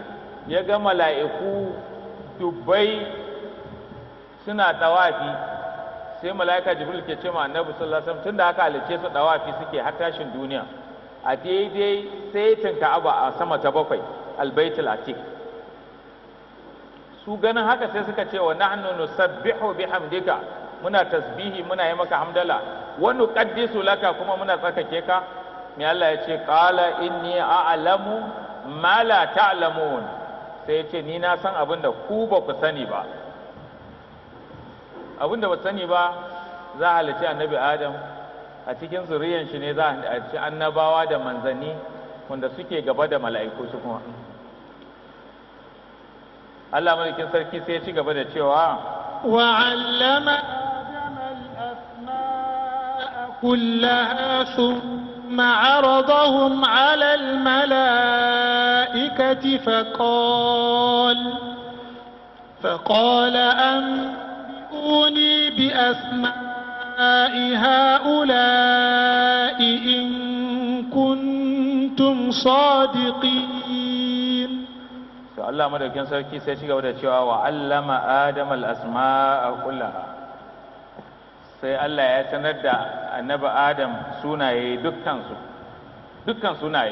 ya ga mala'iku dubbai suna ɗawafi sai mala'ika jibril ke ce ma annabi sallallahu alaihi tunda haka halice su ɗawafi suke har tashin duniya a daidai sai saitin abu a sama ta bakwai albaitul atik su ganin haka sai suka ce wa nahnu nusabbihu bihamdika muna tasbihi muna yi maka hamdala wa nuqaddisu laka kuma muna tsakake ka mai Allah ya ce ƙala in ni a a'lamu ma la wani. sai ya ce ni na san abin da ku ba ku sani ba abin da ba sani ba za a halarci annabi adam a cikin zuriyan shi ne za a halicci annabawa da manzanni wanda suke gaba da mala'iku su kuma Allah mulkin sarki sai ya ci gaba da cewa wa'allama adama al-asma'a kullaha ثم عرضهم على الملائكة فقال فقال أنبئوني بأسماء هؤلاء إن كنتم صادقين فالله مدركين سيكي سيشيك ودى شواء وعلم آدم الأسماء كلها sai Allah ya sanar da annabi Adam sunaye dukkansu dukkan sunaye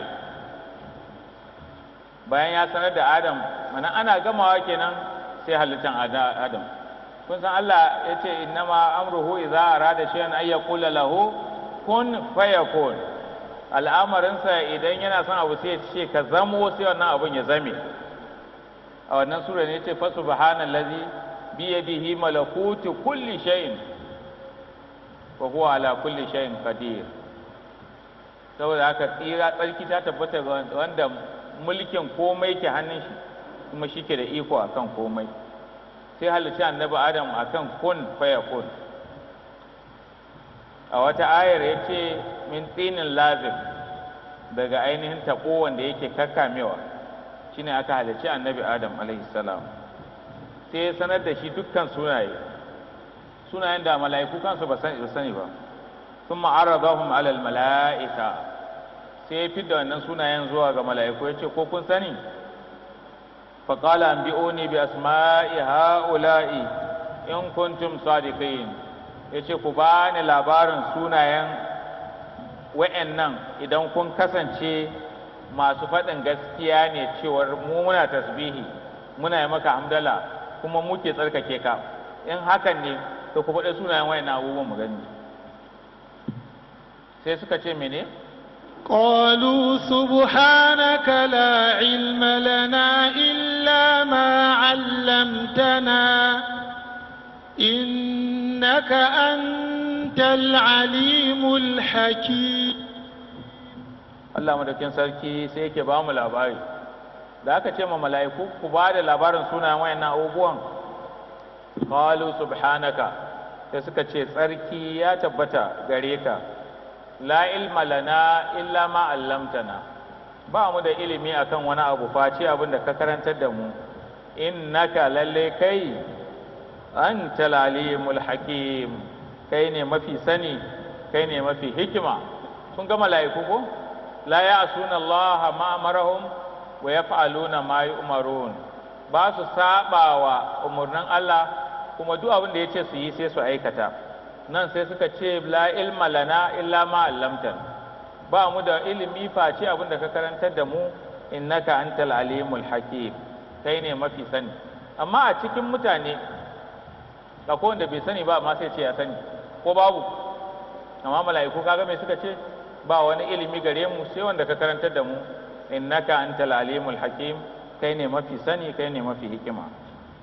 bayan ya sanar da Adam mana ana gamawa kenan sai halittan Adam kun san Allah ya ce innama amruhu idza arada shay'an ay yaqula lahu kun fayakun al'amarinsa idan yana son abu sai ya ce ka zamo sai wannan abun ya zame a wannan sura ne ya ce fa subhanallazi biyadihi malakutu kulli shay'in wa huwa ala kulli shay'in qadir saboda haka tsira tsarki ta tabbata wanda mulkin komai ke hannun shi kuma shi ke da iko akan komai sai halitta annabi adam akan kun faya kun a wata ayar ya ce min tsinin lazim daga ainihin taɓo wanda yake kakkamewa shine aka halicci annabi adam alaihi salam sai ya sanar da shi dukkan sunaye sunayen da mala'iku kansu ba sani ba sun ma'arazahum alal mala'ika sai ya fi da wannan sunayen zuwa ga mala'iku ya ce ko kun sani faƙala an bi oni bi asma'i ha'ula'i in kuntum sadiqin ya ce ku ba ni labarin sunayen wa'annan idan kun kasance masu faɗin gaskiya ne cewar mu muna tasbihi muna yi maka hamdala kuma muke tsarkake ka in hakan ne to ku faɗi sunayen wayannan abubuwan mu gani sai suka ce mene قالوا سبحانك لا علم لنا إلا ما علمتنا إنك أنت العليم الحكيم Allah madaukin sarki sai yake ba mu labari da aka ce ma mala'iku ku ba da labarin sunayen wayannan abubuwan qalu subhanaka sai suka ce tsarki ya tabbata gare ka la ilma lana illa ma 'allamtana ba mu da ilimi akan wani abu face abin da ka karantar da mu innaka lalle kai antal alimul hakim kai ne mafi sani kai ne mafi hikima sun ga mala'iku ko la ya'suna allaha ma amarahum wa yaf'aluna ma yu'marun ba su saba wa umarnin Allah kuma duk abin da ya ce su yi sai su aikata nan sai suka ce la ilma lana illa ma allamtan ba mu da ilimi face abin da ka karantar da mu innaka antal alimul hakim kai ne mafi sani amma a cikin mutane ko wanda bai sani ba ma sai ce ya sani ko babu amma mala'iku kaga mai suka ce ba wani ilimi gare mu sai wanda ka karantar da mu innaka antal alimul hakim kai ne mafi sani kai ne mafi hikima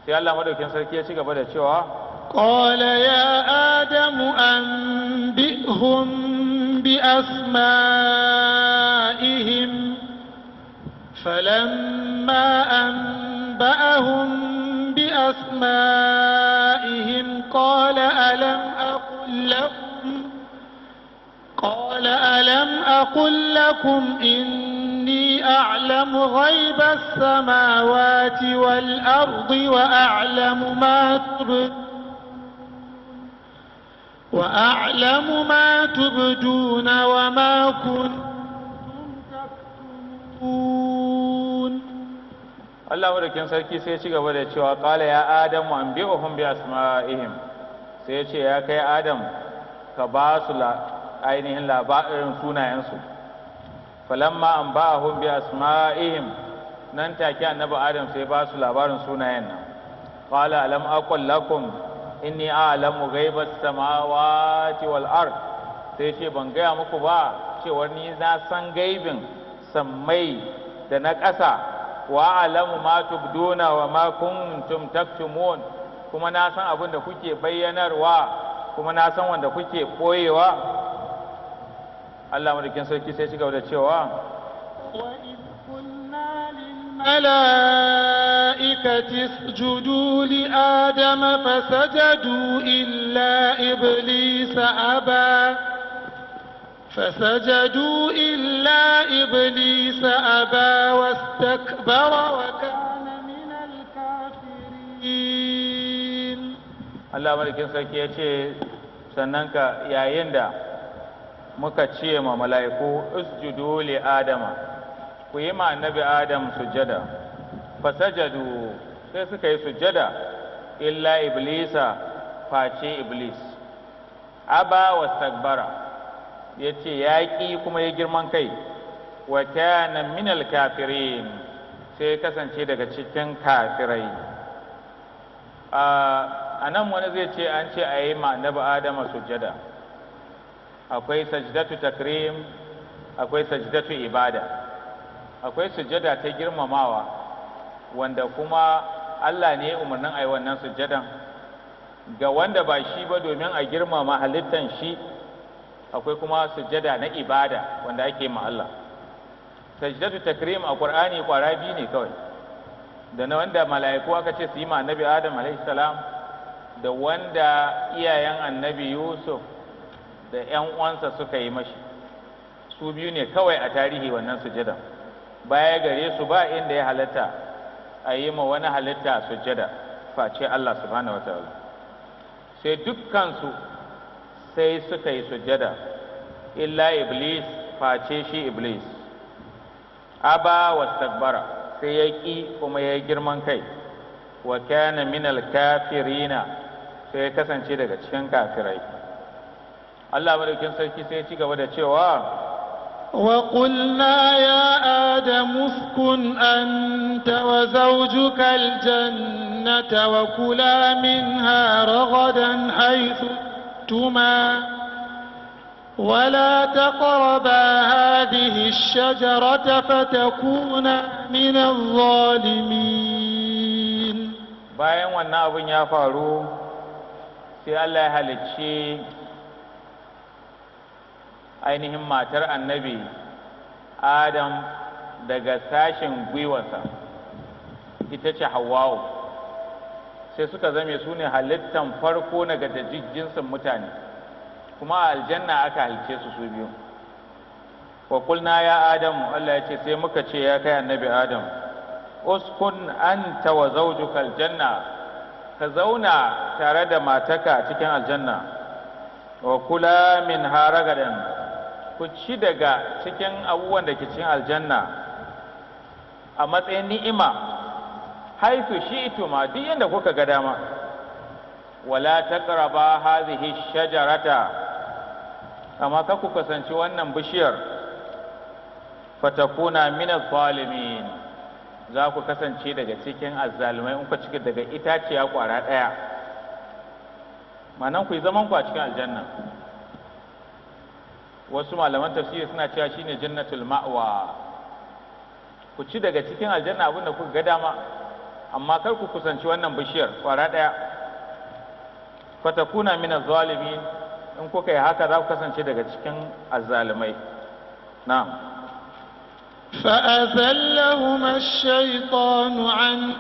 sai Allah madaukin sarki ya ci gaba da cewa qala ya adamu anbihum bi asma'ihim falamma anba'ahum bi asma'ihim qala alam aqul lakum قال ألم أقل لكم إن أعلم غيب السماوات والأرض وأعلم ما تبدون وأعلم ما تبدون وما كنتم تكتمون الله وركين سيكي سيشي قبل يتشوى قال يا آدم وأنبئهم بأسمائهم سيشي يا كي آدم كباس ainihin labarin sunayensu falamma an ba hun bi asma'ihim nan take annabi adam sai ba su labarin sunayen nan qala alam aqul lakum inni a'lamu ghaibas samawati wal ard sai ce ban gaya muku ba cewar ni na san gaibin sammai da na ƙasa wa alamu ma tubduna wa ma kuntum taktumun kuma na san abin da kuke bayyanarwa kuma na san wanda kuke koyewa Allah madaukin sarki sai ci gaba da cewa الملائكة اسجدوا لآدم فسجدوا إلا إبليس أبا فسجدوا إلا إبليس أبا واستكبر وكان من الكافرين الله ملك سكيتي سننك يا يندا muka ce ma mala'iku usjudu li adama ku yi ma annabi adam sujada fasajadu sai suka yi sujada illa iblisa face iblis aba wastakbara ya ce ya kuma ya girman kai wa kana minal kafirin sai kasance daga cikin kafirai ah, a nan wani zai ce an ce a yi ma annabi adama sujada akwai sajdatu takrim akwai sajdatu ibada akwai sujada ta girmamawa wanda kuma Allah ne umarnin a yi wannan sujadan ga wanda ba shi ba domin a girmama halittan shi akwai kuma sujada na ibada wanda ake ma Allah sajdatu takrim a Qur'ani kwara biyu ne kawai da na wanda mala'iku aka ce su yi ma annabi Adam alaihi salam da wanda iyayen annabi Yusuf da 'yan uwansa suka yi mashi su biyu ne kawai a tarihi wannan sujada baya gare su ba inda ya halatta a yi ma wani halitta sujada face Allah subhanahu wa ta'ala sai dukkansu sai suka yi sujada illa iblis face shi iblis aba wastakbara sai ya ƙi kuma ya girman kai wa kana minal kafirina sai ya kasance daga cikin kafirai Allah madaukin sarki sai ci gaba da cewa وقلنا يا آدم اسكن أنت وزوجك الجنة وكلا منها رغدا حيث تما ولا تقربا هذه الشجرة فتكونا من الظالمين باين وانا ابن يا فارو سي الله هلكي ainihin matar annabi adam daga sashen gwiwarsa ita ce hawawu sai suka zame su ne halittan farko na ga mutane kuma a aljanna aka halice su su biyu wa kulna ya adamu Allah ya ce sai muka ce ya kai annabi adam uskun anta wa zawjuka aljanna ka zauna tare da mataka cikin aljanna wa kula min haragadan ku ci daga cikin abubuwan da ke cikin aljanna a matsayin ni'ima haitu ito ma duk yadda kuka ga dama wala taqraba hadhihi shajarata amma ka ku kasance wannan bishiyar fatakuna min zalimin za ku kasance daga cikin azzalumai in ku cika daga itaciya kwara daya Manan ku yi zaman ku a cikin aljanna wasu malaman tafsiri suna cewa shine jannatul ma'wa ku ci daga cikin aljanna abin da kuka ga dama amma kar ku kusanci wannan bishiyar kwara daya fatakuna min zalimin in kuka yi haka za ku kasance daga cikin azzalimai na'am فأذلهما الشيطان عنه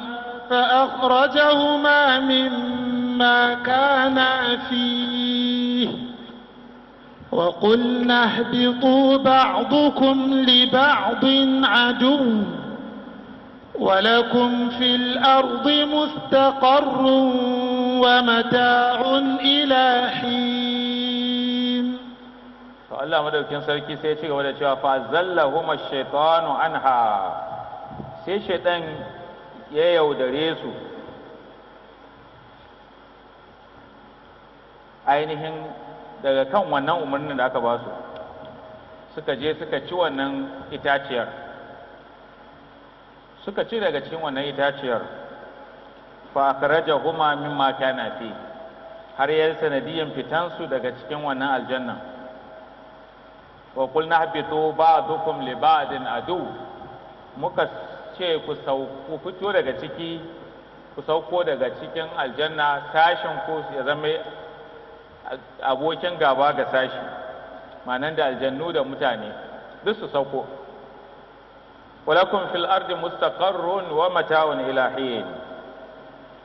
فأخرجهما مما كانا فيه وقلنا اهبطوا بعضكم لبعض عدو ولكم في الأرض مستقر ومتاع إلى حين فالله مدوكين سوكي سيشيك ودشوا فأزلهم الشيطان عنها سيشيطان يودريسو ainihin daga kan wannan umarnin da aka ba su suka je suka ci wannan itaciyar suka ci daga cikin wannan itaciyar fa akraja huma mimma kana fi har yayin sanadiyan fitansu daga cikin wannan aljanna wa qulna habitu ba'dukum li ba'din adu muka ce ku sauko fito daga ciki ku sauko daga cikin aljanna tashin ku ya zama abokin gaba ga sashi manan da aljannu da mutane duk su sauko walakum fil ardi mustaqarrun wa mata'un ila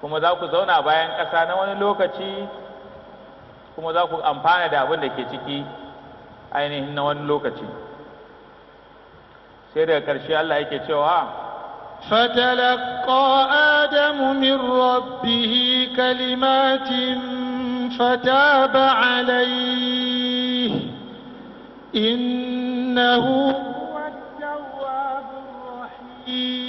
kuma za ku zauna bayan ƙasa na wani lokaci kuma za ku amfana da abin da ke ciki ainihin na wani lokaci sai daga ƙarshe Allah yake cewa فتلقى آدم من ربه كلمات فتاب عليه إنه هو التواب الرحيم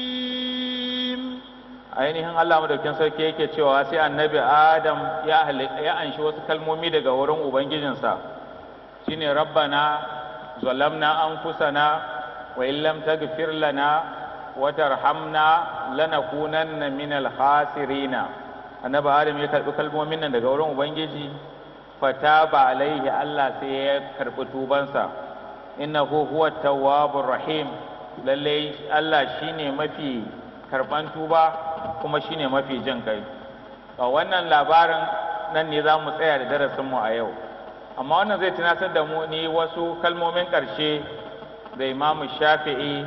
ainihin Allah madaukin sarki yake cewa sai annabi Adam ya ya anshi wasu kalmomi daga wurin ubangijinsa shine rabbana zalamna anfusana wa illam taghfir lana wa tarhamna lanakunanna minal khasirina annabi adam ya karbi kalmomin nan daga wurin ubangiji fata ba alaihi Allah sai ya karbi tubansa inna huwa tawwabur rahim lalle Allah shine mafi karban tuba kuma shine mafi jin kai a wannan labarin nan ne za mu tsaya da darasin mu a yau amma wannan zai tunatar da mu ni wasu kalmomin karshe da imamu shafi'i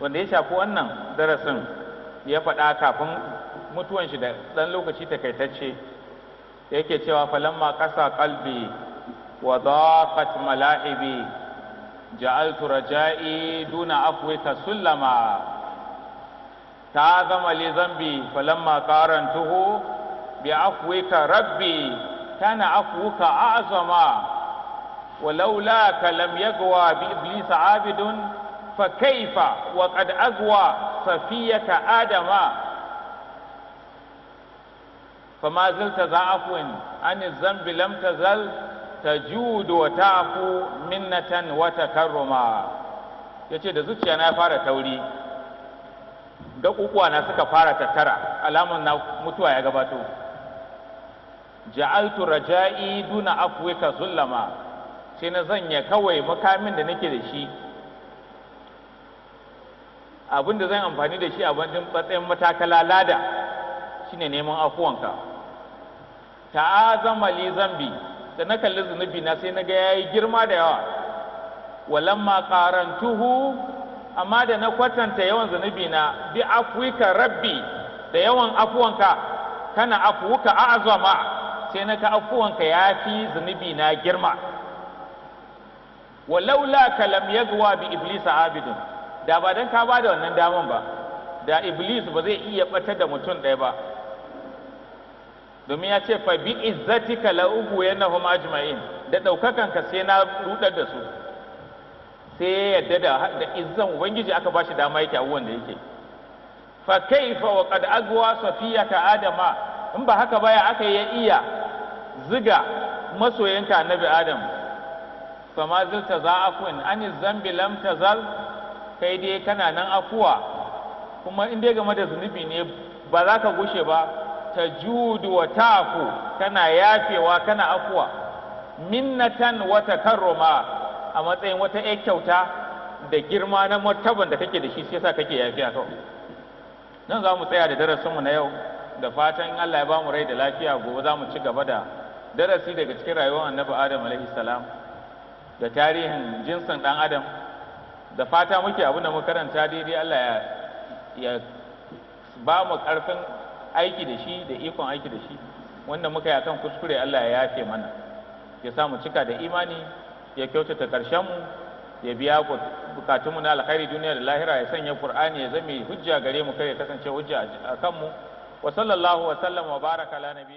wanda ya shafi wannan darasin ya faɗa kafin mutuwan shi da ɗan lokaci takaitacce yake cewa falamma ƙasa kalbi wa daqat mala'ibi ja'altu raja'i duna afwika sullama ta gama li zambi falamma qarantuhu bi afwika rabbi kana afwuka a'zama ولولاك لم يقوى Abidun عابد فكيف وقد أقوى safiyata Adama. فما زلت ذا عفو عن الذنب لم تزل تجود وتعفو منة وتكرما yace da zuciya na fara tauri ga kukuwa na suka fara tattara alamun na mutuwa ya gabato ja'altu raja'i duna afwika zullama sai na zanya kawai makamin da nake da shi abin da zan amfani da shi a matsayin matakala lada shine neman afuwanka Ta azama li zambi da na kalli zunubi na sai na ga yayi girma da yawa walamma qarantuhu amma da na kwatanta yawan zunubi na bi afwika rabbi da yawan afuwanka kana afuwuka a'azama sai na ka afuwanka yafi zunubi na girma walaula ka lam yagwa bi iblis abidun da ba dan ka ba da wannan daman ba da iblis ba zai iya batar da mutum ɗaya ba domin ya ce fa bi izzatika la Homa ajma'in da daukakan ka sai na rudar da su sai ya yadda da da izzan ubangiji aka ba shi dama yake abubuwan da yake fa kaifa wa qad agwa ka adama in ba haka baya aka ya iya ziga masoyanka annabi adam fama zilta za afun an zambi lam tazal kai dai kana nan afuwa kuma in dai game da zunubi ne ba za ka gushe ba tajudu wa ta'fu kana yafewa kana afuwa minnatan wa takarruma a matsayin wata ƴar kyauta da girma na martaban da kake da shi sai yasa kake yafiya to nan za mu tsaya da darasin mu na yau da fatan in Allah ya ba mu rai da lafiya gobe za mu ci gaba da darasi daga cikin rayuwar annabi Adam alaihi salam da tarihin jinsin dan Adam da fata muke abin da mu karanta daidai Allah ya ba mu karfin aiki da shi da ikon aiki da shi wanda muka yi akan kuskure Allah ya yafe mana ya sa mu cika da imani ya kyautata karshen mu ya biya bukatunmu na alkhairi duniya da lahira ya sanya qur'ani ya zame hujja gare mu kai kasance hujja a kanmu wa sallallahu wa sallam wa baraka ala